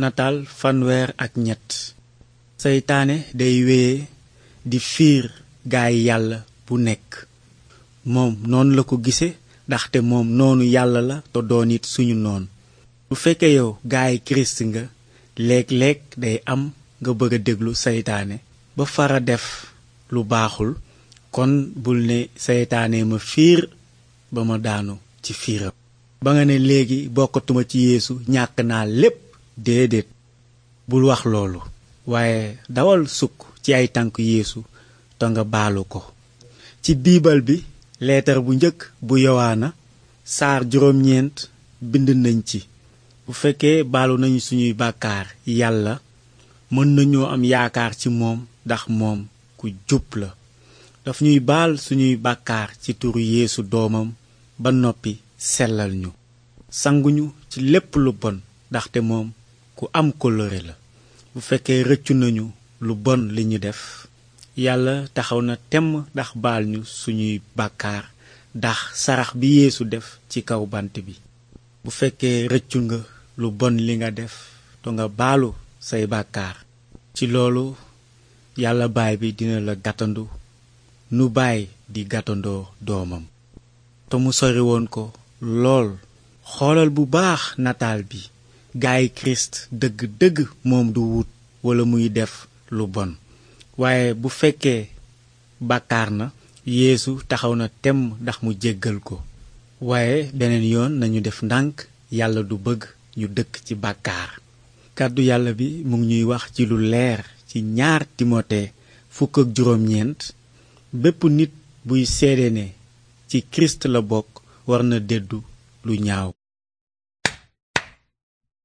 nataal fanweer ak ñett seytaane day wéye di fiir gaay yàlla bu nekk moom noonu la ko gise ndaxte moom noonu yàlla la te doon it suñu noon bu fekkee yow gaay kirist nga léeg-léeg day am nga bëgg a déglu seytaane ba fara def lu baaxul kon bul ne seytaane ma fiir ba ma daanu ci fiiram ba nga ne léegi bokkatuma ci yeesu ñàkk naa lépp déedéet bul wax loolu waaye dawal sukk ci ay tànk yéesu te nga baalu ko ci diibal bi leetar bu njëkk bu yowaana saar juróom-ñeent bind nañ ci bu fekkee baalu nañu suñuy bàkkaar yàlla mën nañoo am yaakaar ci moom ndax moom ku jub la daf ñuy baal suñuy bàkkaar ci turu yeesu doomam ba noppi sellal ñu sanguñu ci lépp lu bon ndaxte moom ku am kóllëre la bu fekkee rëccu nañu lu bon li ñu def yàlla taxaw na temm ndax baal ñu suñuy bàkkaar ndax sarax bi yeesu def ci kaw bant bi bu fekkee rëccu nga lu bon li nga def to nga baalu say bàkkaar ci loolu yàlla baay bi dina la gàttandu nu bàyyi di gàttandoo doomam te mu sori woon ko lool xoolal bu baax nataal bi gaay Christ dëgg-dëgg moom du wut walla muy def lu bon waaye bu fekkee bàkkaar na yéesu taxaw na temm ndax mu jéggal ko waaye beneen yoon nañu def ndànk yàlla du bëgg ñu dëkk ci bàkkaar kàddu yàlla bi mu ngi ñuy wax ci lu leer ci ñaar Timote fukk ak juróom-ñeent bépp nit buy seede ne ci Christ la bokk war na dëddu lu ñaaw